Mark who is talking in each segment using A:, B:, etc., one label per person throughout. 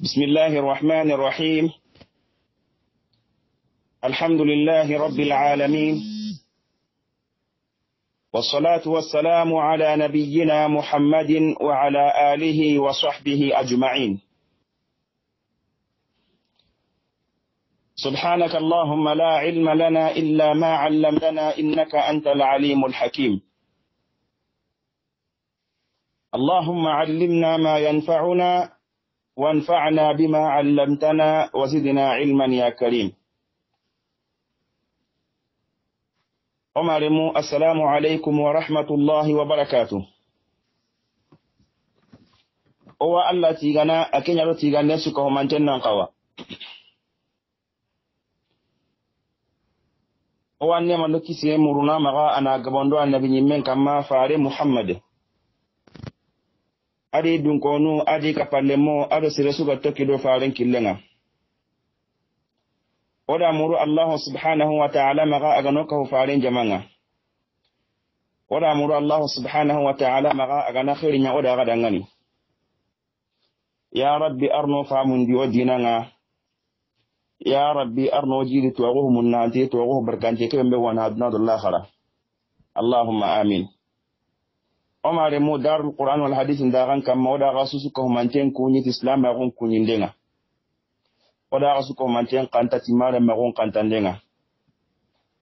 A: بسم الله الرحمن الرحيم الحمد لله رب العالمين والصلاة والسلام على نبينا محمد وعلى آله وصحبه أجمعين سبحانك اللهم لا علم لنا إلا ما علمتنا إنك أنت العليم الحكيم اللهم علمنا ما ينفعنا وانفعنا بما علمتنا وزدنا علما يا كريم أمرمو السلام عليكم ورحمة الله وبركاته owa allah tigana a kenyaro tigande suka homanten nan kawa owa nema do kisiye muruna maga ana gabondo annabi nyimmen kamma fare muhammad adi dunkonu adi kapallemo ado sire suga tokkido faren killenga oda muru allahu subhanahu wa ta'ala maga aganokahu faren jamanga oda muru allahu subhanahu wa ta'ala maga agana khirinya oda aga dangani ya rabbi arno famundi o dinanga ya rabbi arno jiri tuwaguhu munnanti tuwaguhu barkante keɓe mbe wona aduna dollah hara allahumma amin omare mo darul qur'an wal hadith ndagan kamma oda Rasul ko manten ni islam ma gon denga o oda Rasul ko manten kanta timare ma gon kanta da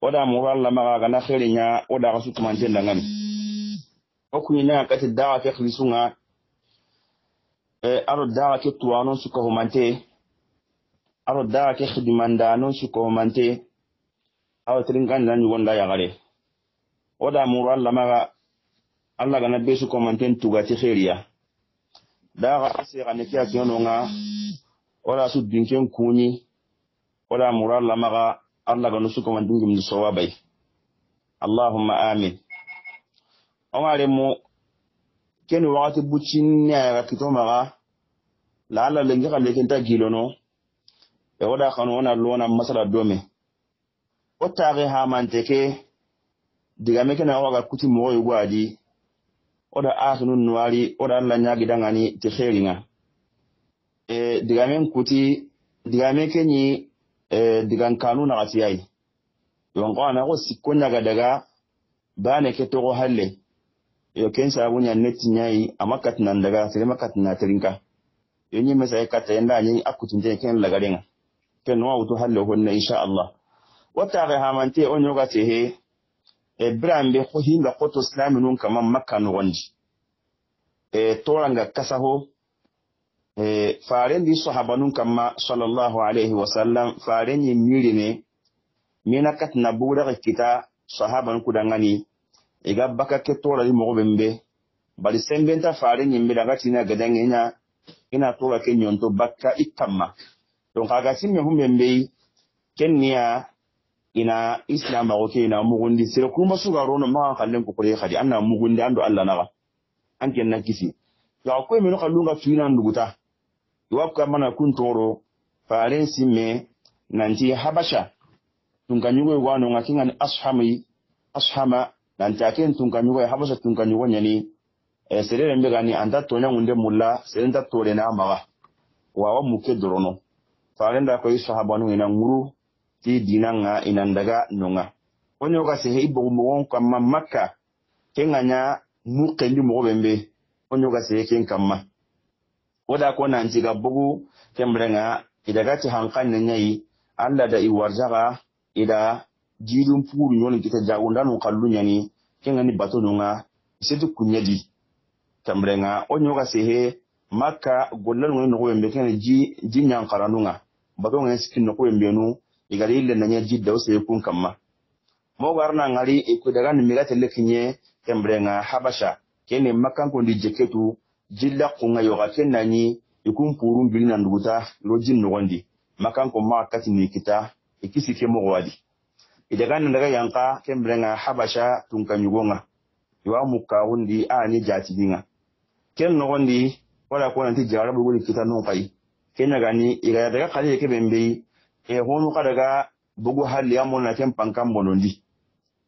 A: oda walla ma ga na o oda Rasul ko manten ngam o kunyi na kati dawa ke khlisunga e aro dawa ke tuwano su ko manti aro dawa ke khidimandano su ko manti aw tringan nan o da oda walla ma allah gana besu komanten tugati heriya daga segane ke a nga. wala su dinken kuni wala mura lamaga allah ganu su komanten gimni sowabai allahumma amin omare mu keni wakati bucin ne ayaga kito maga laala lengi ka lekenta gilono e wada kanu wona lona masala dome o taxe hamante ke digame kena waga kuti mogo yugo adi oda asunun nuwari oda allah ñagidangani ti heringa e digamen kuti digame kenyi e digan kanu ko yonko ko sikonya ga daga ne ke to halle yo ken bunya neti nyai ama katinan daga serema yenyi terinka yo ñimesaye kattaye ni a je ken lagarenga ken wa uto halle honna Allah. Wata taxe xamante onyo ga tehe e birande ho himɓe hoto silami nun kaman makka no wondi e toranga kasa ho e farendi sahaba nun kamma sallallahu alayhi wasallam farenyi miri ne mina katna buraka kita sahaba nun kudangani iga e baka ke torari mogo bembe bari sembenta farenyi mbira gatina gadange nya ina tora ke nyonto bakka itamma don kaga simme hu membe kenniya ina islam ba ke ina mugundi sai kuma su garo na ma kallin ku kure hadi anna mugundi ando Allah naga an ken na kisi to akwai meno kallunga fina nduguta iwapka mana kun toro faren simme nanti habasha tunga nyugo wano ngakinga ni ashami ashama nanti tun tunga nyugo habasha tunga nyugo nyani e eh, sere mbe gani anda nya munde mulla ta tore na mawa wa muke dorono faren da koyi sahabanu ina nguru ti dinanga inandaga nunga. onyo ka sehe ibo mo kama maka kenganya mukendi mo bembe onyo ka sehe ken kama oda ko nan jiga bugu kembre nga idagati hankani nanyayi anda da iwarjaga ida jilun mpuru nyoni kita jagunda no kenga ni kengani bato nonga setu kunyadi nga onyo ka sehe maka gulalu nga no bembe kengani ji ji nunga. bato nga sikin no bembe no igari ille na nye jidda use yukun kama mogo arna ngari ikudagani migate lekinye kembre nga habasha kene makanko ndi jeketu jilla kunga yoga kenani ikun purun bilin na nduguta lo jin nugondi makanko ma kati ni kita ikisi ke mogo wadi idagani ndaga yanka kembre nga habasha tunka nyugonga iwa mukawundi ani dinga ken nugondi wala kona ti jarabu wuli kita nungai gani igaya daga kali kebe mbei e honu kada ga bugu hal amon na tem pankan bonondi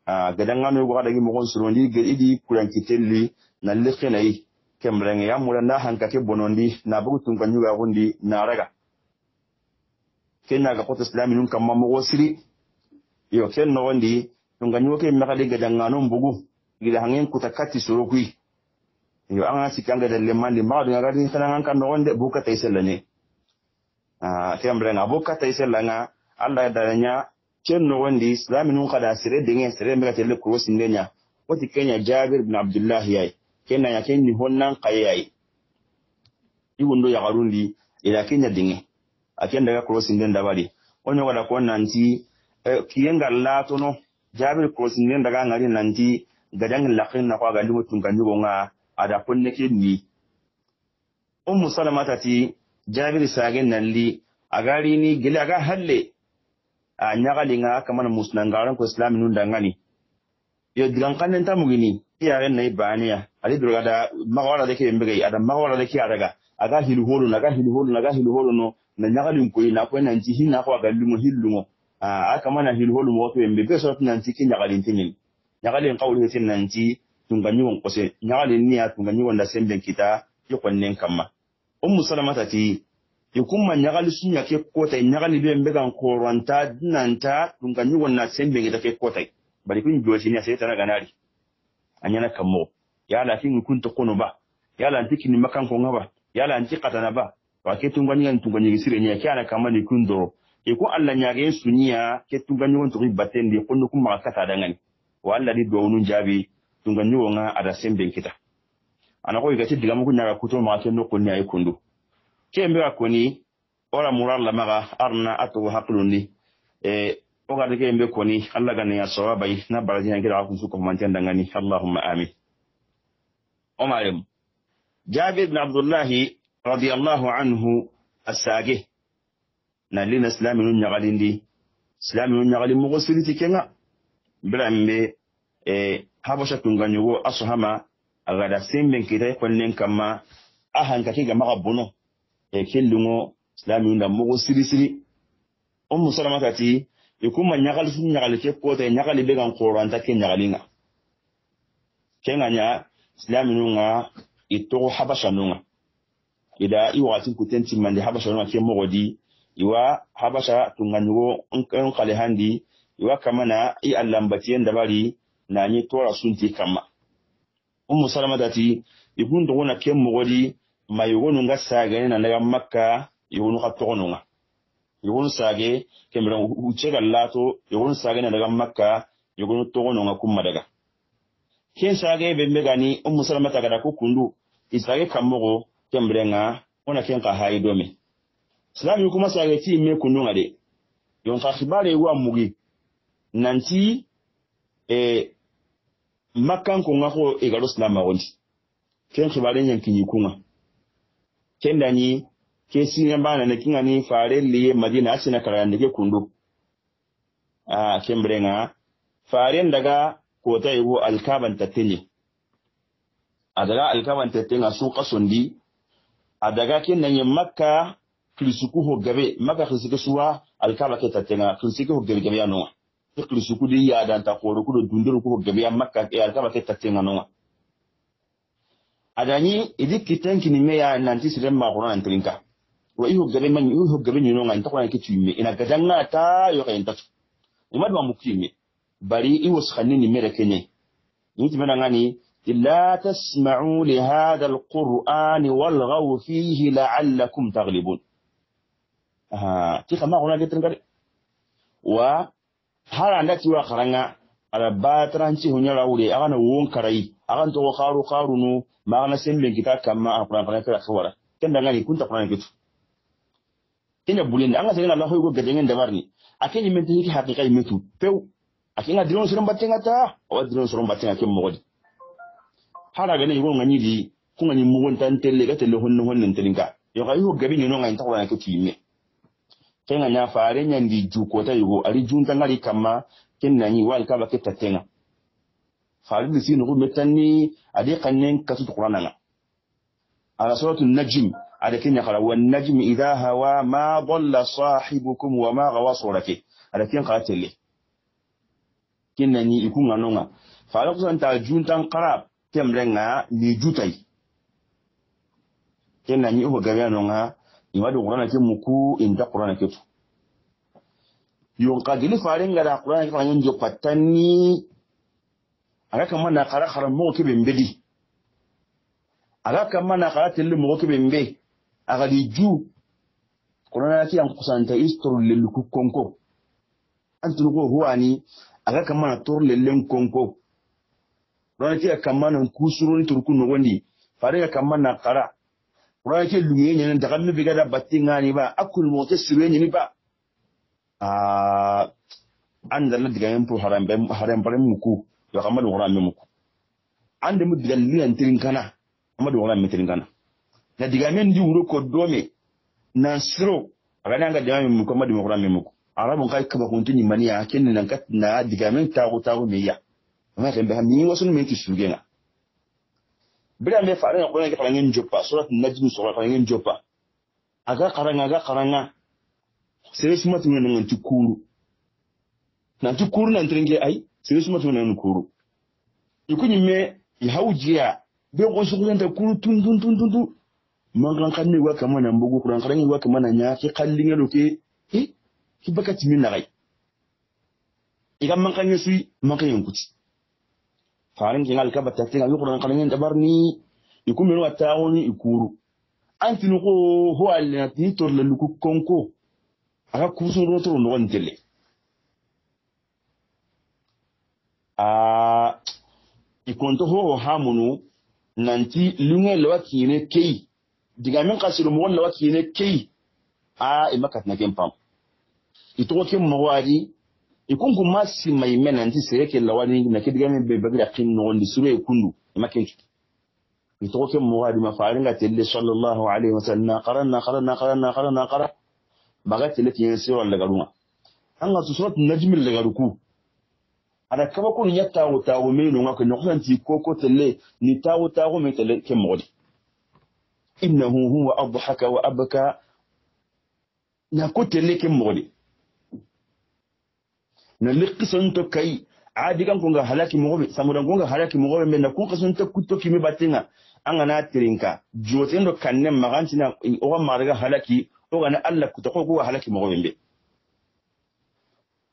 A: a ah, gadan ngano go kada gi mo gon surondi ge idi kuran kitelli na likhinai kemren ya mura na ke bonondi na bugu tun kan yuga gondi na raga kenna ga kota islami nun kam mo go siri yo ken no gondi tun kan ke mi kada gadan ngano bugu da hangen kutakati surokui yo an sikanga dalle gadan ma do ngagadi tanan kan no gonde buka taisella tem renga bo kata ise langa alla daranya ken no wandi islami nun kada sire dinge sire mega tele ko sinde nya wati kenya jabir ibn abdullah yayi kenya ya kenni honnan kayayi iwundo ya garundi ila kenya dinge akenda ah, daga ko sinde ndabali onyo wala ko nanti eh, kiyenga latono jabir ko sinde daga ngari nanti gadang lakin na kwa ga limu tunganyo nga ada kunne ke ni ummu ta ti jabir sage nalli a gari ni gila ga halle a nyagali nga kamana musnan garan ko islami nun dangani yo kan kanen ta mugini iyaren nai baniya ali durga da magawara ke be gai adam da ke araga aga hilu holu ga hilu holu ga hilu holu no na nyagali ko ina ko nan ji hinna ko aga lumo mo a aka mana hilu holu mo to be be so nan ji kin nyagali tinin nyagali qawli tin nan ji tunganyi won kose nyagali ni ya tunganyi won da semben kita yokon nen kamma ummu salamata ti ikumma ɲagali suña ke kotay ñagali ɓe mbe tun ka ɲɔgɔn ɗum sen ñugonna ta ke kotay bari kun josini a setana ganari a ya kammogo yala kun kunta kono ba ya yala kini makan kankonga ba yala nti katana ba wa ke tungañigani tungañigi sireña ke ana ni kun doro e ko allah ñageen suñiya ke tungañigon togi battendi konno kun maga dangani wa allah di dowunu jaabi ka ada semben kita anakoyiga ti digamu kunyaka kutu maga ke nokoni ayi kundu ke mbega koni wala murar lamaga arna atogo hakilundi e ogati ke mbe koni allah ganiya sawabayi na barajiyankira akunsu kofumantiyan dangani allahumma amin omarem jabir bin abdullahi radiallahu anhu asage nalina silaminu ñagalindi silaminu ñagali mogo siriti kenga mbira mbe e habasha tunganyogo asohama agada simbin kita kwannen kama a hankaki ga maka bono e kellungo islami da mugu siri siri on musalama kati e kuma nyagal sun nyagal ke kota nyagal be gan qoran ta ke nyagalinga kenga nya islami nga ito habasha nunga ida i watin kutenti mande habasha nunga ke mogo di iwa habasha tunganigo on kale handi iwa kamana i allambatiyen dabari ni tora sunti kama ummu salama dati ikun dogona ke mogodi ma yogonu nga sagene na daga makka yogonu ka togonu nga yogonu sage ke mbiran uce ga lato yogonu sage na daga makka yogonu togonu nga kuma daga ken sage be mbegani ummu salama tagada ko kundu isage kammogo ke mbiran nga ona ken ka hayi domi silamu kuma sage ti me kundu nga de yon ka khibare wa mugi nanti e makkan kunga ko igaro e ma gondi ken balen nyen kinyi kunga ken dani ke sinya bana ne kinga ni fare liye madina asina karande ke kundu a ken brenga faren daga ta yugo alkaban tatinye a daga alkaban tatinye su kasundi a daga ken nan yin makka kirsuku ho gabe makka kirsuku suwa alkaba ke tatinye kirsuku ho gabe gabe ya nuna fikri sukudi ya dan ta koro kudo dunduru ko gabe ya makka ya ta ba ta tinga no adani idi kitenki ni meya nanti sire ma ko nan trinka wa ihu gabe man ihu gabe ni no ngan ta ko nan ina gadanga ta yo kan ta imad ma bari i was khanini mere kenye yiti mena ngani لا تسمعوا لهذا القرآن والغوا فيه لعلكم تغلبون آه. تيخ ما قلنا جتن قري و hara nda tiwa karanga ala hunya laure aga na won karai aga to kharu kharu no na sembe kita kama akran kana kala khawara kenda ngani kunta kana kitu kenya bulin anga sengana Allah ko gadengen dabarni akeni mente hiki hakika imetu pew akinga dilon suron batenga ta o dilon suron batenga ke mogodi hara gane yugo ngani di kunga ni mugon tan telle ga telle honno honno telinga yo ga yugo gabi ni no ngani ta kana kitu ime kenga nya faare nya ndi ju kota yugo ari junta ngari kama na ni wal kaba ke tatenga faare di sinu metanni ade kannen kasu qur'ana nga ala suratul najm ada kenya kala wan najm idha hawa ma dhalla sahibukum wa ma ghawa surati ada ken kala tele na ni ikunga nonga faare kusanta junta qarab temrenga ni jutai na ni ho gabe nonga imadu kurana ke muku inda qur'ana ke tu yon qagili farin ga qur'ana ke fanin jo patani aga mana qara qaran mu ke bembe di kan mana qara tilli mu ke bembe aga di ju qur'ana ke an kusanta istor lil kukonko antun ko huwani aga kan mana tor lillen konko qur'ana ke akamana kusuru kusuruni turkun no farin ga kamana mana qara wala ke lunye ne da kan gada batinga ni ba akul mote sibe nyene ba a ah, anda na diga kan yempu haram muku ya kama da haram muku ande mu diga orang tirin kana amma da haram tirin kana na diga men di wuro ko domi na sro aga nan ga da mu kuma da haram muku arabu kai kaba kunti ni maniya kenin nan nah, ka na diga men tawo tago me ya amma kan ba mi wasu men ti sugena birambe faranga ko ngi faranga njoppa surat najm surat faranga njoppa aga karanga aga karanga sere sima tumwe nan ti kuru nan ti kuru nan tringe ai sere sima tumwe nan kuru ikunyi me ya haujiya be ko su kulen ta kuru tun tun tun tun mangan kan ne wa kama nan bugu kuran karangi wa kama nan ya ki kallinga loke eh ki baka timin na gai idan man kan yi su man kan yankuci farin kin alkaba ta tinga yuqran qalin dabarni ikumiro ataoni ikuru antinu ko ho alati torle luku konko aka kusun rotoro no ndele a ah, ikonto ho hamunu nanti lunge lawa kine kei diga min kasiru mo lawa kine kei a ah, imaka kempam ikungu masi maimena nti sereke lawani na kidigame bebagri akin no ndi sure ikundu makin itoke muwadi mafarin ga telle sallallahu alaihi wasallam na qaran na qaran na qaran na qaran na qaran baga telle kin sura daga ruma an ga surat najm daga ruku ada kaba kun ya tawo tawo me no ngaka no kanti koko telle ni tawo tawo me telle kin muwadi innahu huwa adhaka wa abka na ko telle kin muwadi na to kai adigan kunga halaki gobe samudan kunga halaki mogobe men na kun kasonto kutto kimi batinga an gana tirinka jotin do kanne na o marga halaki o na Allah ta ko kuwa halaki mogobe be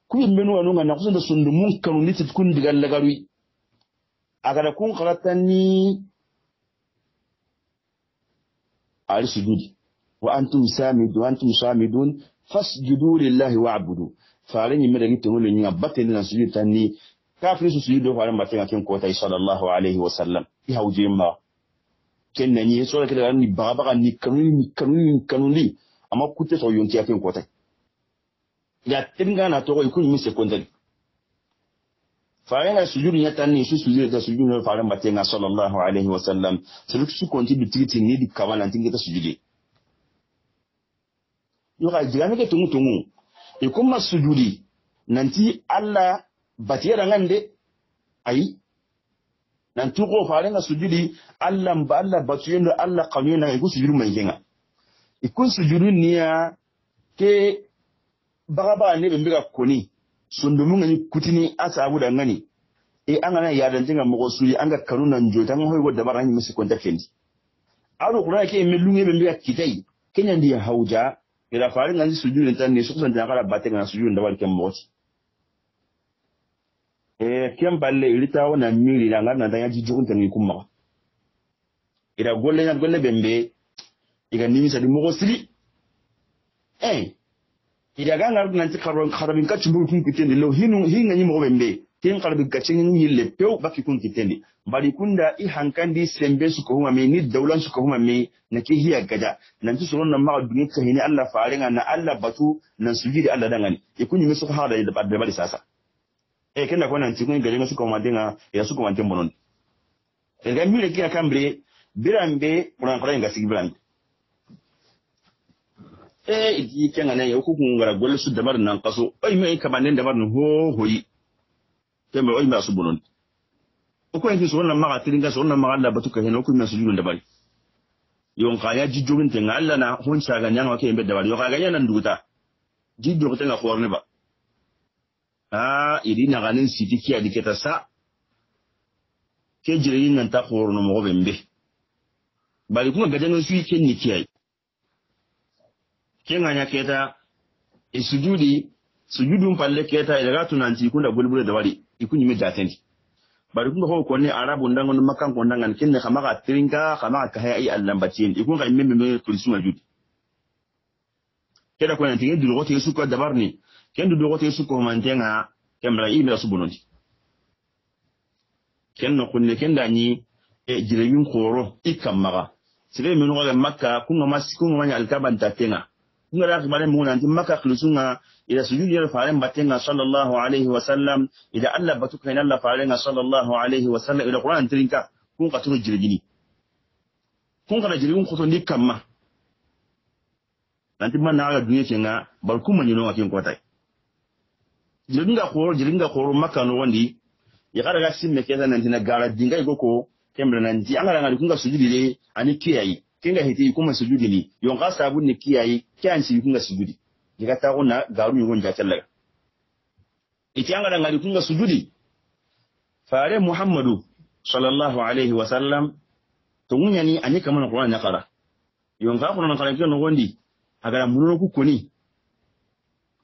A: kuyin menu wanu na kusun da sundu mun kanu nitit kun digal lagarwi da kun qaratani al sujudi wa antum samidun wa antum samidun fasjudu lillahi wa'budu faale ñimme dagi teŋolu ñiŋa battende na sujud tan ni kafiri su sujud do faale mbatte ŋa ken kotayi salallahu alayhi wasallam i hawjee ma ken nañi sola kede ni bagabaga ni kanuni ni kanuni ni kanuni ama kutte so yontiya ken kotayi ya teringa na togo ikun mi sekondari faare ŋa sujud ña tan ni su sujud ta sujud do faale mbatte salallahu alayhi wasallam sadu su konti du tigiti ni di kaba nantingeta sujudi yoka jigameke tungu tungu ikumma sujudi nanti alla batiyera ngande ayi nanti ko na sujudi alla Allah alla batuyendo alla kanyena iku sujudu manjenga ikun sujudi niya ke bagaba ne bembega koni sundumun ngani kutini asa abuda ngani e an ya dan tinga mɔgɔ suyi an ka kanu na njo tan hoy wadda baran yi musu konta aro kuna ke min lunge min kitai kenya ndi hauja ila faari nganzi sujudu ntanni sokusa ntanakala bate ngana sujudu ndawali kem moti e kem balle ilita wona mili la ngana ntanya jijuku ntanni kumma ila golle na golle bembe iga nimi sadi mogo sili eh ila ganga nanti karon kharabin kachumbu kunkitende lo hinu hinga nyimo bembe ken karbi gacin yille pew fi kun kitende bari da i hankandi sembe su ko mai ni dawlan su ko mai na ke hiya gada nan su nan ma duniya ta hini Allah faringa na Allah batu nan su jidi Allah dangane e kunyi mi su ha da da bari sasa e da ko nan kun gari su ko ma dinga ya su ko ma tin bonon e ga mi le kiya kambre birambe kuran kuran ga sigi birambe e idi kenga ne ya hukun gara gol su damar nan kaso ai mai kamanin damar ho hoyi kembe oy ma subulon o ko enki sonna maga tiringa sonna maga Allah batuka hen o ko ma sujudu dabari yon kaya jijjo min tenga Allah na hon shaga nyanga ke embe dabari yo kaga yana nduta jijjo ko tenga khorne ba a iri na ganin siti kiya diketa sa ke jirin nan ta khorno mo bembe bari kuma gajanin su yi ken ni kiyai. ken hanya keta e sujudi sujudun palle keta ila e gatu nan ti kunda bulbule da ikunyime jatendi bari kun ho ko ne arabu ndangon makan ko ndangan kinne kama ka tiringa kama ka haya ai allah batin ikun ka imme me kulisu majud keda ko nanti ndu rote yesu ko dabarni ni ndu rote yesu ko mantenga kemra ibe subunondi kenno kunne kenda ni e jirebin koro ikamaga maga sire me ga makka kunga mas kunga alkaban tatenga ngara ra kibare mu nanti makka nga ida sujudi na farin batin ga sallallahu alaihi wa sallam ida Allah batu kai Allah farin ga sallallahu alaihi wa sallam ida Qur'an tirinka kun ka turu jirgini kun ka jirgin ko to nikkan ma nanti man na ga duniya ce nga bar kuma ni no kotai jirgin ga koro jirgin ga koro makka no wandi ya kada ga simme ke nan na gara dinga go ko kemra nan ji an ga ga kun ga sujudi le ani kiyayi kinga hiti kuma sujudi ni yon ka sabu ni kiyayi kiyan si kun ga sujudi Jika tahu na garu jatel jatella iti anga da ngari kunga sujudi fare muhammadu sallallahu alaihi wasallam tungunya ni ani na qur'an na kara yon ga kuna kara kiyo ngondi agara munono ku koni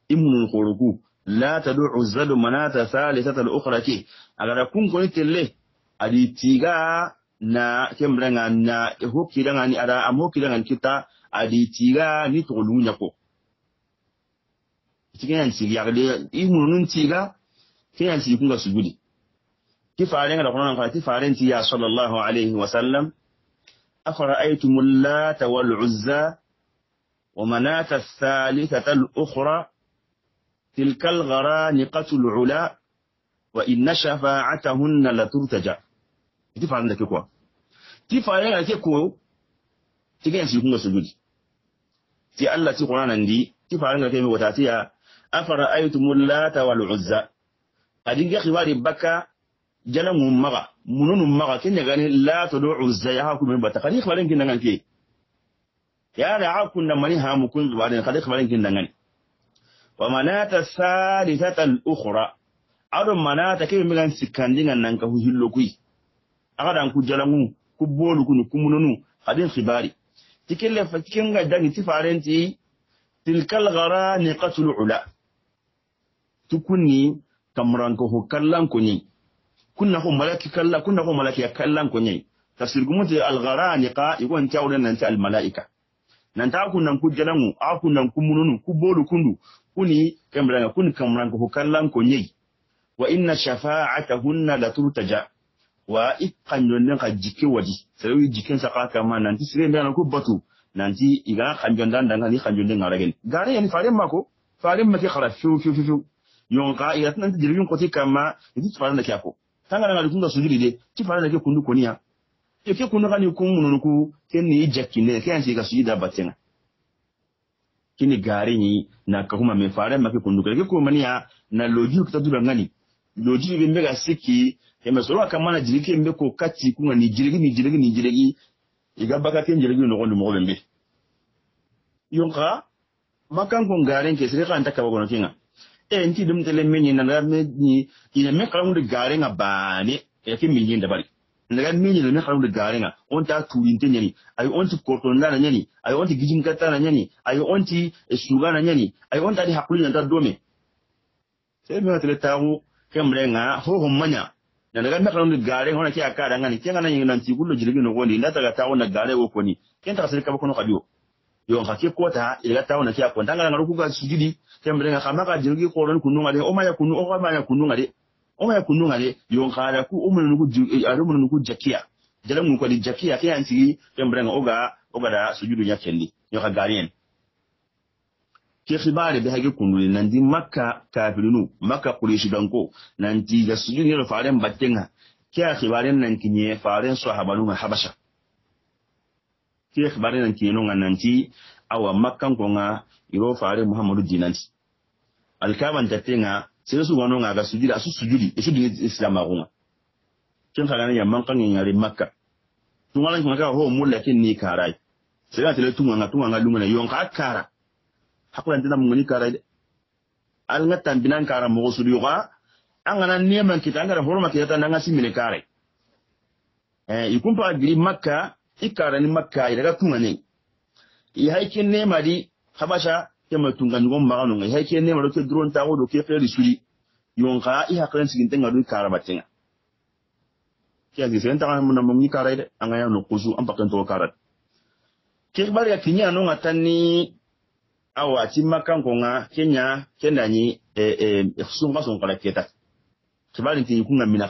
A: imunono la tad'u uzadu manata le al-ukhra ki agara kun koni telle adi tiga na kemrenga na hokiranga ada amokiranga kita adi tiga ni tolunya nyako ti ken si yagle i munun ti ga ken sallallahu alaihi wa sallam أفرأيتم اللات والعزى ومناة الثالثة الأخرى تلك الغرانقة العلا وإن شفاعتهن لترتجى تفعل عندك كوا تفعل عندك كوا تكين سيكون سجود تي الله تي قرآن عندي تفعل عندك كوا تاتيا afara aitumul lata wal uzza adin ga khibari baka jana mun maga mununu maga kin daga ni lata do uzza ya haku min bata khari khibaren kin nan ke ya da hakun nan mani ha mukun zubarin khari khibaren kin nan wa manata thalithata al ukhra adon manata ke mi gan sikandin nan ka huhillo kui aga dan ku jala jalangu ku bolu kunu kumununu adin khibari tikin le fakin ga dangi tifarenti tilkal gara ni qatul ula tukunni ko hokallan ko ni kunna ho malaki kalla kunna ho malaki kallan ko ni tafsir gumuti algharaniqa igon tawna nan ta almalaika nan ta kunnan ku jalangu a kunnan ku mununu ku bolu kundu kuni kamranga kun kamranko ho kallan kunyi wa inna shafa'atahunna la turtaja wa iqan yonne ka jike waji sai jikin sa ka kama nan ti sire ndana ku batu nan ti iga kanjon dan dan ni kanjon den gare yan fare mako fare mati khara fiu fiu fiu yonka jiri jirgin koti kama iti tifaranda ko tangana na litunga sujuri de da ke kundu konia ke kundu kani kumunu ku kenni ijakine kensi ka sujida batenga kini gari ni na kakuma mefare make kundu ke ya na loji kitadura ngani loji bimbe ga siki emesoro akamana jiriki mbe ko kati kunga ni jirigi ni jirigi ni jirigi igabaka ken jirigi no kondu mo yonka makan ko ngaren ke sire kan takabago no kinga enti dum tele menyi na na menyi ina me kalam de nga bane e ke menyi ndabari naga menyi na me kalam de e nga on ta turin te nyani ay on ti korton na nyani ay on ti gijin kata na nyani ay on ti e suga na nyani ay on ta di hakuli na ta dome se me tele tawo nga ho ho manya na daga me kalam de garenga hona ke akara ngani kenga na na ti gullo jirgi no nda ta ga tawo na gare ko ni kenta ka se ka ko no kadio yonka ke kota ila na ke akonda ngala ngaru kuga sujudi ka kamaka jirugi koron kunu de o maya kunu o ma ya kununga de oma ya kununga de yonka da ku umun nuku eh, munu nuku jakia jalan mun ko di jakia ke anti nga oga oga da sujudu nya kelli yonka garien ke khibari be hage kunu nan di makka kafirinu makka quraishi danko nan ti da sujudu ne faren battenga ke khibaren nan kinye faren sahabanu habasha ke xibari nan kino nga nanti awa makkan ko nga iro fare muhammadu dinanti alkaban tatte nga sere su wono nga ga sujudi asu sujudi isu di islam ko nga kin kala ya makkan kan ngari makka tun wala ko ho ho mulla kin ni karai sere tele tun nga tun nga lumana yon ka kara hakula ndina mungani karai al nga binan kara mo sudi ga an kana neman kita an kana horma kita nga ga simine kare eh ikun pa giri makka ikara ni makka iraga tungane i haike ne mari habasha ke ya mai tungan gon magano ngai haike ne mari ke drone ta wodo ke fere suri yon i hakran sigin tenga kara batenga ke agi sen tangan mun mun kara ide ya no kuzu an bakan to kara ke ya kinya no ngatani awa ti makan ko nga kenya kendani e e sunga sunga kala keta bar ni kunga mina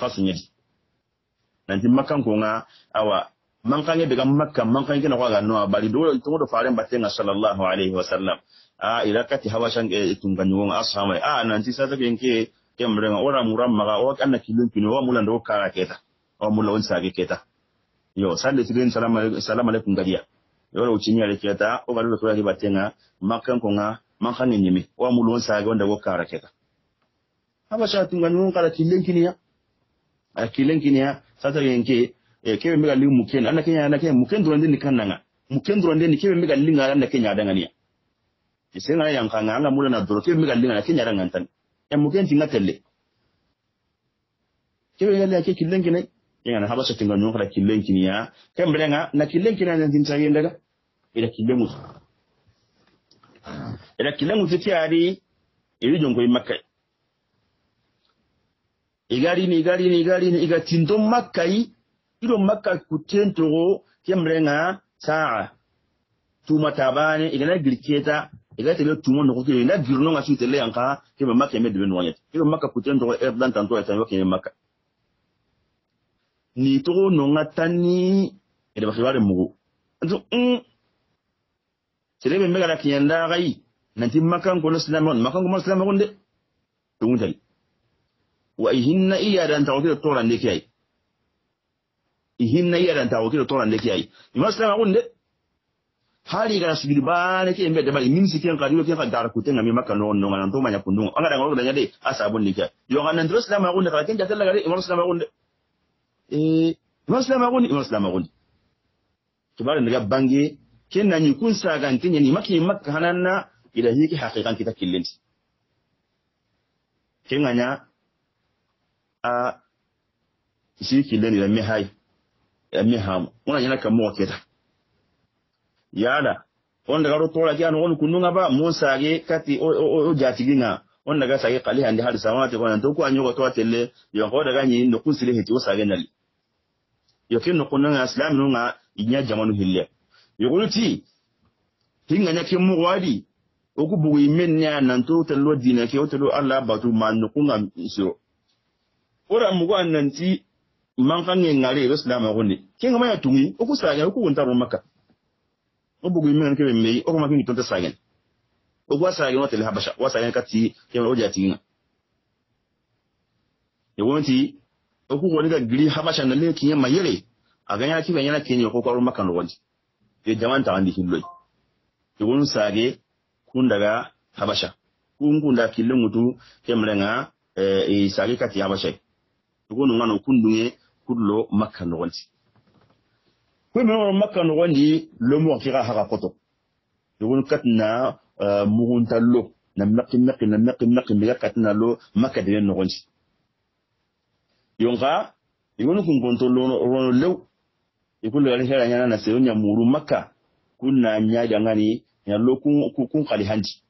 A: nanti makan ko nga awa man kan daga makka man kan gina kwaga nuwa bari dole tun da farin batin sallallahu alaihi wa sallam a ah, ila kati hawashan e tungan won asama a ah, nan ci sasa bin ke yamren ora muran maga o oh, kan kilin kinu wa oh, mulan do kara keta o oh, mulan on sage keta yo sande tidin salamu alaikum gadiya yo ro cinya le keta o galu to ya batin makkan ko nga man kan nyime wa mulan sage wanda go kara keta hawasha tungan won kara kilun kiniya a ah, kilun kiniya sasa bin ke e kebe mbega li muken anna kenya anna kenya mukendo durande ni kannanga muken durande ni kebe mega linga kenya adanga niya isenga yang kanga anga mula na doro kebe mbega linga anna kenya adanga ntan ya muken tinga kebe yale ake kilengi ne yana haba sa tinga nyonka kilengi niya nga na kilengi na ndin tsage ndaga ila kilengu ila kilengu tiyari ili jongo imaka igari ni igari ni igari ni makai ido makka kutten togo kemrenga saa tuma tabane igana girketa iga tele tumo no kokire na girno nga sutele yanka kema makka me de benwanya ido makka kutten togo e er dan tanto e tanyo kema makka ni togo no tani ede bakibare mugo nzo mm me mega la kiyanda gai nanti makan ko no silamon makan ko no silamon de tali wa ihinna iya dan tawti to ran de ihinna iyala ntawo kilo tola ndeki ayi ma kunde hali kana sujudi bane ke embe mbe dabali mimsi ke kadiwe dar ku tenga mi maka non non to manya kundunga anga dango danga de asa bon nika yo kana ndro ma kunde kala kenja tella gare imam ma kunde eh imam ma kunde imam ma kunde tubare ndaga bangi na ni kun saga ntinye ni maki makka hananna ila hiki hakikan kita killinti kenganya a uh, si shi killani da mihai mihamu unanyana kamuwa keta yala on daga rotola ki kununga ba musa ge kati o jatiginga on daga sage kali hande har to yo daga no kun sile o sage nali yo kin no islam no inya jamanu yo mu wadi o ku bugu nan to dina ke o allah man no kunga ora manka nge ngale be silama goni kenga maya tungi oku sanya oku wonta ro maka obugu imen kebe mei oku makingi tonta sanya oku asanya no tele habasha wasanya kati kebe oja tinga ye wonti oku woni ga giri habasha na le kinya mayele aganya kibe yana kenya oku kwaro maka no wonti ye jaman ta andi hilloi ye wonu sage kundaga habasha kunkunda kille ngutu kemrenga e eh, eh, sage kati habasha ko no ngano kundunge kullo makka nogondi ko min woro makka nogondi lomo kira haka koto yogon katina euh, mugunta lo na maki maki na maki maki mega katina lo makka dene nogondi yonka yogon kun gonto rono lew ikullo yari hera nyana na se seyo nyamuru makka kunna nyaja ngani lo kun kun kali handi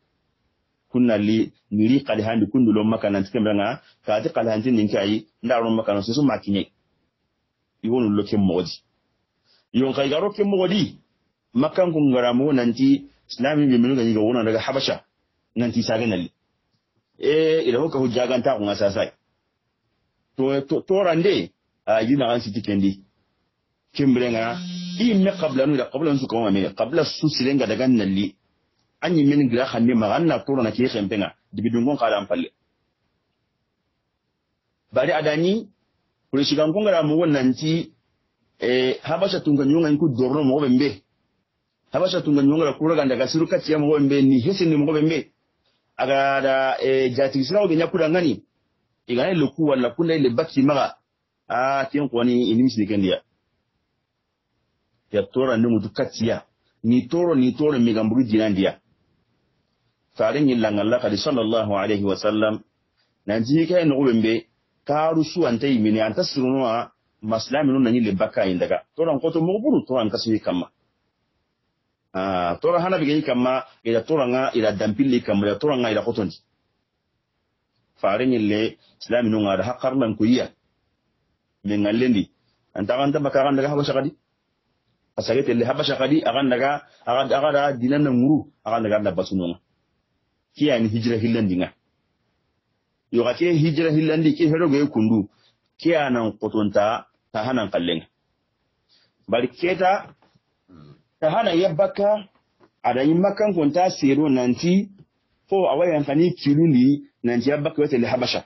A: kunna li niri kali handi kundulo makka nantikembanga kaati kali handi ninkayi ndaro makka no sesu makinye iwonu lo ken mogodi yon ka igaro ken mogodi makkan kun nan ti islami be minu gani ga wona daga habasha nan nanti saga e, idan ka hujja hoka ta kun asasai to to torande a yina an siti kendi kembrengana qabla nu da qabla su kuma me qabla su silenga daga an yi min gira xanne maganna torona ke xempenga dibi dungon kala am palle bari adani kulishika nkongera mu wonna nti eh habasha tunga nyonga nku dorno mo bembe habasha tunga nyonga la kuraga ndaga siru kati ya mo mbe ni hese ni mo mbe aga da eh jati kura ngani kudangani igane lokuwa la kunda ile baki maga a tin kwani inimisi nikendia ya tora ni mutu kati ya ni toro ni toro migamburu jinandia farin yin langalla kadi sallallahu alaihi wasallam nan ji kai no taru su anta imini a sirunwa maslaminu nani le baka indaga toran koto muguburu toran kasini kama ah toran hana bigeni kama ila toranga ila dampili kama ila toranga ila koton farin le islaminu ngada hakarnan kuyiya min ngalendi anta anta baka kan daga haba shakadi asagete le haba shakadi akan daga akan daga dinan nguru akan daga na basununga ni hijra hillandinga yoga ke hijira hillandi ke hedo ge kundu ke anan qotonta ta hanan kallenga bari keta ta hana yabbaka adayi makan kunta sero nanti fo awayan kani kiluni nanti yabbaka wete habasha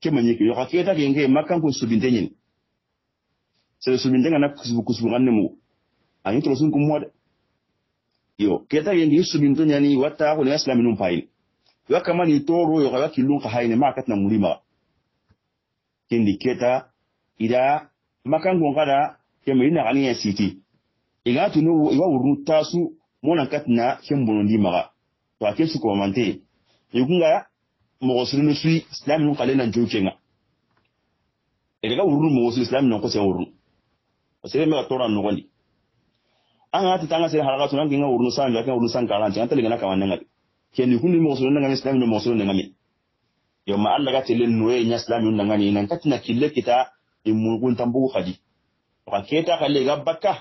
A: ke manyiki yoga keta ke nge makan kun subintenyin sai subintenga na kusubu kusubu ganne mu anyi to sun kumwa yo keta yende subintonya ni wata ko ne islamin pail yokama mani toro yo kaba lunga haine maa katina mulima Kendi keta ida makango wangada, kema ina gani ya siti iga tunu iwa urun tasu katina kembo nondima ndimaka to ake su komante yukunga mogosuru no sui islam no kale na njokenga iga urun mogosuru islami nunga kose urun osebe me tora no kwani anga titanga sele haraka tunanginga urun sanja kan urun anta antelinga na kawananga keni mo so nanga islam no nanga mi yo ma alla ga tele noye nya islam no ni nan tatina kille kita e mugun tambu khadi ka keta kale ga bakka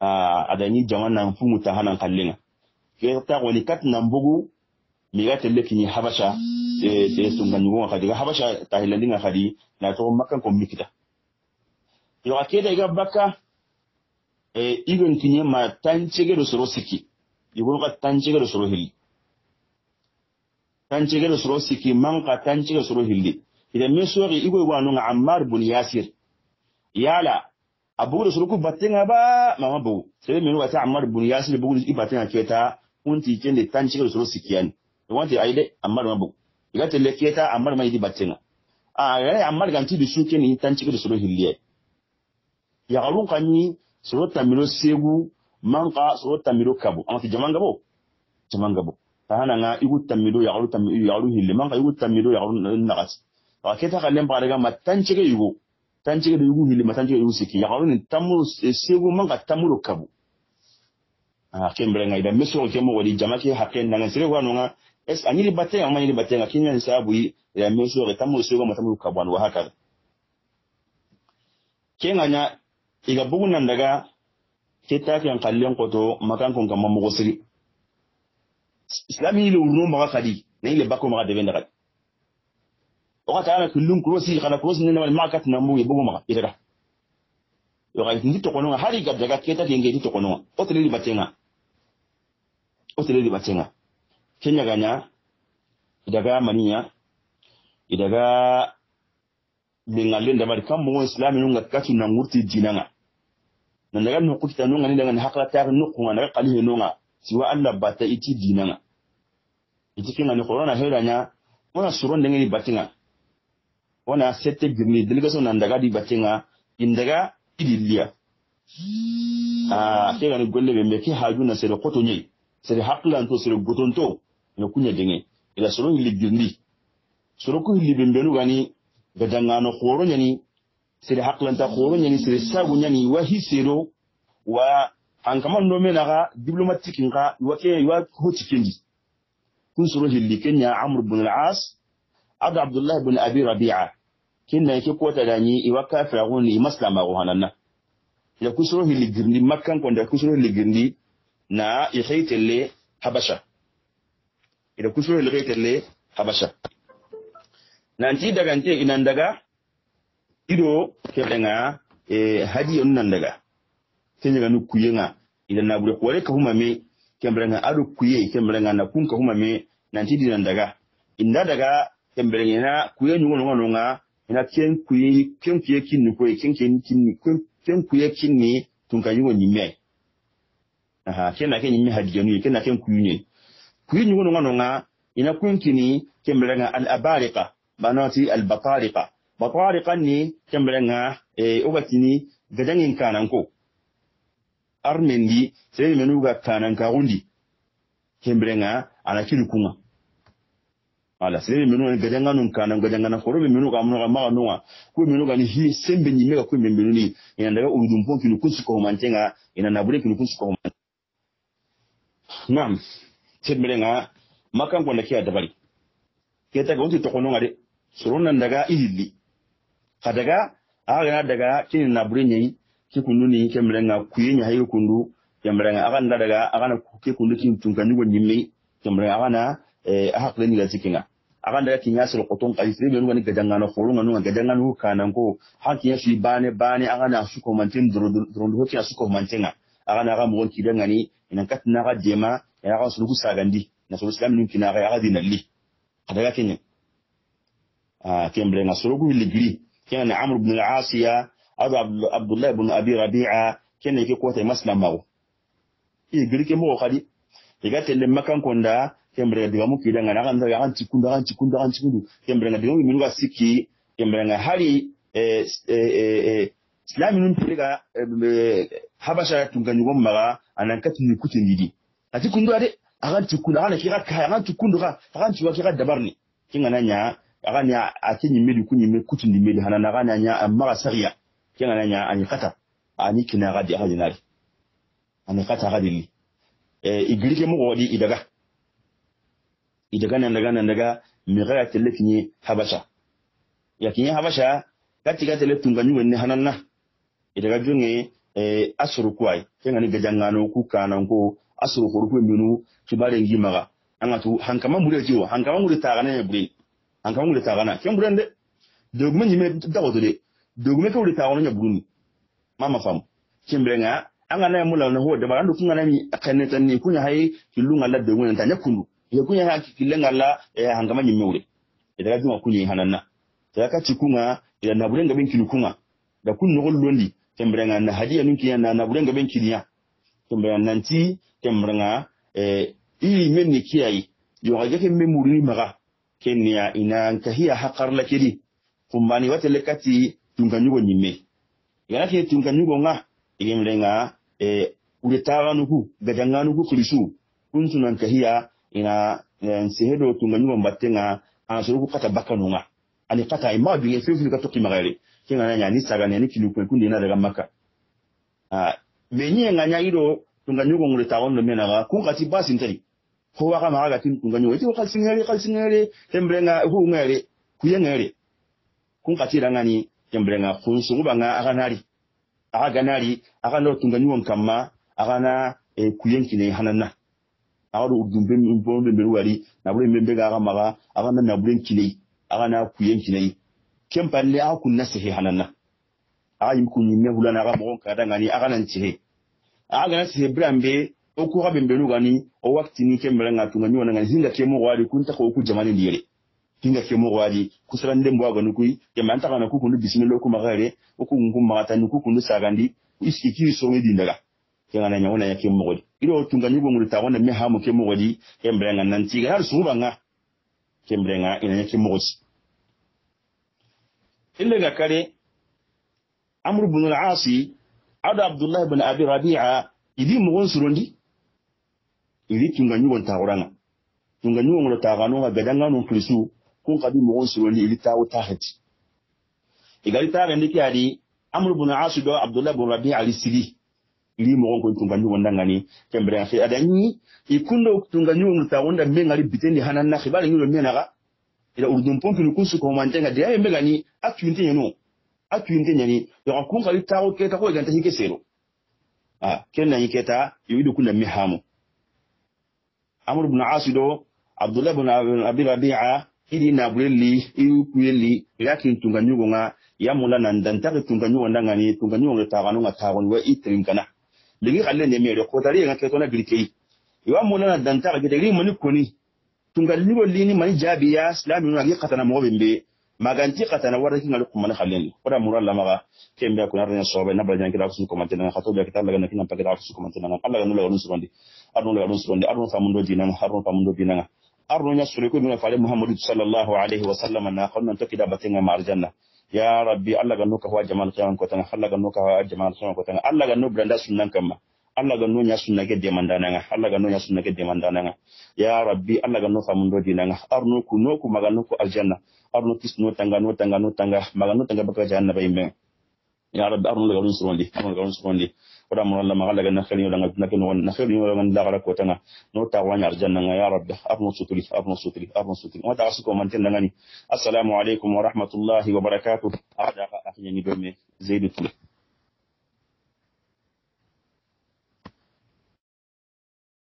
A: a adani jaman nan fu muta hanan ko ni kat nan bugu mi ga tele kini habasha e te sungan ngo khadi ga habasha ta tahilandinga khadi na to makkan ko mikita yo ka keta ga bakka e igon kinye ma tanchege do soro siki يقول قد تنشغل سروه اللي تنشغل سروه سكي من suru hilli idan اللي إذا من سوغي يقول وانو عمار بن ياسر يالا abugu da suruku batinga ba mama bu sai mai ruwa ta ammar bun yasir bugu da ibatin aketa unti ken da tan cikin suru sikiyan da wanti ai dai ammar mabu iga le keta ammar mai di batinga a gare ammar ganti da su ken tan cikin suru hilli ya garun kanyi suru tamiro segu manqa so tamido kabu. amati jamanga bo jamanga bo tahana nga igu ya tamiru, ya garu tamiru ya garu hille manqa igu tamido ya garu nagas wa keta kallen bare ga matancige igu tancige da igu hille ke igu siki ya garu ni tamu eh, segu manqa tamuru kabu ah kembre nga ida meso ke mo wadi jamake hakken nga sire wa nga es anyiri batenga ama anyiri batenga sabu yi ya meso ke tamu segu matamudo kabu anu wa haka kenganya iga bugunanda ga ketaken kallon koto makan kun kamma mogo siri islami ilu wurno maga kadi na ile bako maga debe ndakadi oka taana kullum kurosi kana kurosi na wal makat na mbuye bogo maga itata yoka ndi tokononga hari daga keta kenge ndi o oteleli batenga oteleli batenga kenya ganya idaga maniya idaga da ndabari kan mogo islami nunga kati na ngurti jinanga. na daga nu kuta nu ngani daga hakla ta nu ku ngana kali he nunga siwa Allah bata iti dinanga iti kinga ni corona heranya wana suron dengi batinga wana sette gimni delegation na ndaga di bati batinga indaga idiliya a ah, ke gani golle be meke haju na sere koto nyi sere hakla nto sere gotonto ne kunya denge ila suron li gimni suron ku li be mbenu gani gadanga no khoro sere haklanta horo nyani sere sabu nyani wa hisero wa hankama no mena ga diplomatique nga wa ke wa hoti kendi kun soro hilli kenya amr ibn al-as ad abdullah ibn abi rabi'a kinna yake kota da ni iwa kafira gon ni maslama go hananna ya kun soro hilli girndi makkan kon da kun soro hilli girndi na yahaitelle habasha ida kun soro hilli habasha nanti daga nte inan daga ido keɓenga e eh, haji on nandaga kenyaga nu kuyenga ida nabure kuwale kahuma me kemberenga ado kuye kemberenga na kun kahuma me nanti di nandaga inda daga kemberenga na kuye nyungo nunga nunga ina ken kuye kien kuye kinni kuye kien kien kinni ken kuye kinni tunka nyungo nyime aha kien kena ken nyime haji janu kien na kien kuye kuye nyungo nunga nunga ina kun kini kemberenga al abarika banati al batariqa batwari kanni kembelenga e eh, ogatini gadangin kananko armendi sere menuga kanan kagundi kembelenga ana kirikunga ala sere menu gadanga nun kanan gadanga na korobi menu ga munuga maga nunga ku menu ga ni hi sembe ni mega ku menu ni ina daga urudumpo kinu kunsu ko mantenga ina nabule kinu kunsu ko nam kembelenga makan ko ndakiya dabari keta ko unti to kono ngade soron nan daga illi aga na daga kini nabure ñayi ki kundu ni ke mrenga kuye ne hayi kundu mrenga aga na daga na ke kundu kin tunka ni woni mi ke aga na eh aha ni gazi kinga aga daga kinya sir qotun qali sir be ngani gadanga na foru ngani ngani gadanga nu kanan ko ya shi bane bane na su ko mantin durundu durundu hoki su ko mantinga agana ga mo ki ngani ni ina na ga jema ina ga sulugu gandi na sulugu islam ni kina ga ga dinalli daga kinya a ah, ke mirenga sulugu ligri kene na amr ibn al-asiya ado abdullah ibn abi rabi'a kene ke kota maslam mago i girke mo khadi iga telle makan konda kembere diga mu kida ngana kan daga kan cikundu kan cikundu kan cikundu kembere ngadiga mu minuga siki kembere ngahari eh eh eh islami nun tiriga habasha tunganyugo maga anankati ni kutengidi ati kundu ade akan cikundu akan kira kaya dabarni agani ya ake ni meli kunyi me kutu ni meli hana naga nya amma ga sariya kenga na nya ani kata ani kina radi radi nari dinari ani kata ga di e igirike mu idaga idaga na daga na daga mi ga tele kini habasha ya kinyi habasha katika tele tunganyu wenye hana na idaga junge e asuru kwai kenga ni gajangano ku kana ko asuru kurku kwenye kibare kibarengi anga angatu hankama muri tio hankama muri tagana mbili an kan wule tagana ken buren de dogume da dagoto de dogume ke wule tagano nya buruni mama fam ken buren ga an ga na mula na ho da baran kun na mi akanne tan ni kunya hayi kilunga la dogume tan yakunu ya kunya ha kilenga la hangama nyime wule idan ga kunyi hananna da ka ci kunga ya na buren ga ben kilu kunga da kun no londi ken buren ga na hadiya nun kiyan na na buren ga ben kiliya ken buren nan ti kin buren ga eh i men ni kiyayi yo ga ke memuri maga kenya ina nkahiya hakarla kedi kumbani watele kati tunkanyugo nyimme igana ke tunkanyugo nga igemre nga eh, e uretawanuku gajanganuku kirisu kuntu na nkahiya ina eh, nsehedo tunkanyugo mbatte nga anasuruku kata bakanu nga ani kata ima binge fefili kato kimagare kenga nanya ni sagane ni kinukwe kundi ina daga maka a ah, menye nga nya iro tunkanyugo nguretawanlo menaga kukati basi ntari ho waka maka gatin kunganyo iti ng'ere singere ng'ere singere nga hu ngere ng'ere. kun katira ngani nga kun sunguba nga aganari aganari agano tunganyo kamma agana e kuyenki ne hananna agado udumbe mbombe mberuwari nabule mbembe ga aga maka aka na kuye agana kuyenki ne kempalle akunna sehe hananna ayim kunyi ne hulana aka mo kadangani agana ntihe agana sehe brambe okura bembelu gani o wakti ni ke melanga tunga nyona ngani hinga kemo wali kunta ko ku jamani ndiyele hinga kemo mo wali kusagande mbo aganu kui ke manta kana kuku kundu bismillah ku magare oku ngum magata ni ku kundu sagandi iski ki so ngi dindaga ke ngana nyona yake ke mo wali ilo tunga nyugo ngulu ta wona me hamu kemo wali ke melanga nanti ga har suba nga ke melanga ina yake mo wali ille ga kare amru ibn al-asi ada abdullah ibn abi rabi'a idi mo gonsurondi ili tunga nyuwa taxuranga tunga ɲugongono taxanoxa bedanganon kilisu kun xabi moxon sironi iri taxu taxeti igari taxendi ndiki adi amru buna asu do abdullahi bun rabi ali sili iri moxon kon tunga ɲugondangani kemberea fe adanyi ikundo tunga nyuwa tunga ɲugongono menga li bitendi hanan na xibara ɲulo menaxa ila urdun pompini kun sukomantenga de aye megani a tuinte ɲeno a tuinte ɲani yoxa kun xali taxu keta kwa iganta hike sero a ah, kennañi keta yo idu kunda mi Amur bin Asido Abdullahi bin abi rabi'a idi na buleli iu kuyeli yakin tunga nyugo nga ya mula nan dan ta tunga nyugo nga ni tunga nyugo ta kanu nga ta wa itrin kana ligi kalle ne mere ko tari nga keto na girkei iwa mula na dan ta mani koni tunga nyugo lini mani jabiya islamin nga gi katana mo maganti katana warra kinga lukumana khalleni ora mural maga kembe ko narne sobe na nyan kida su komante na khato be laga na kinga pakida su komante na Allah ganu lagun surondi arno lagun surondi arno famundo dinanga arno famundo dinanga arno nya sure ko mina faale muhammadu sallallahu alaihi wa sallam na khonna to kida batenga marjanna ya rabbi Allah ganu ka wa jamal qiyam ko tan Allah ganu ka wa jamal qiyam ko tan Allah ganu branda sunnan kamma Allah ga no sunna ke demanda na nga Allah ga no sunna ke demanda nga ya rabbi Allah ga no famundo dina nga arnu ku no ku magano ku aljanna arnu tis no tanga no tanga no tanga magano tanga baka janna me ya rabbi arnu ga no surondi arnu ga no surondi wala mo Allah magala ga nakhali wala ga nakino wala nakhali wala ga ndagala ko tanga no ta wanya aljanna nga ya rabbi arnu sutri. arnu sutri. arnu sutri. wa ta asuko man tanda ni assalamu alaikum wa rahmatullahi wa barakatuh ada ka ni be me zaidu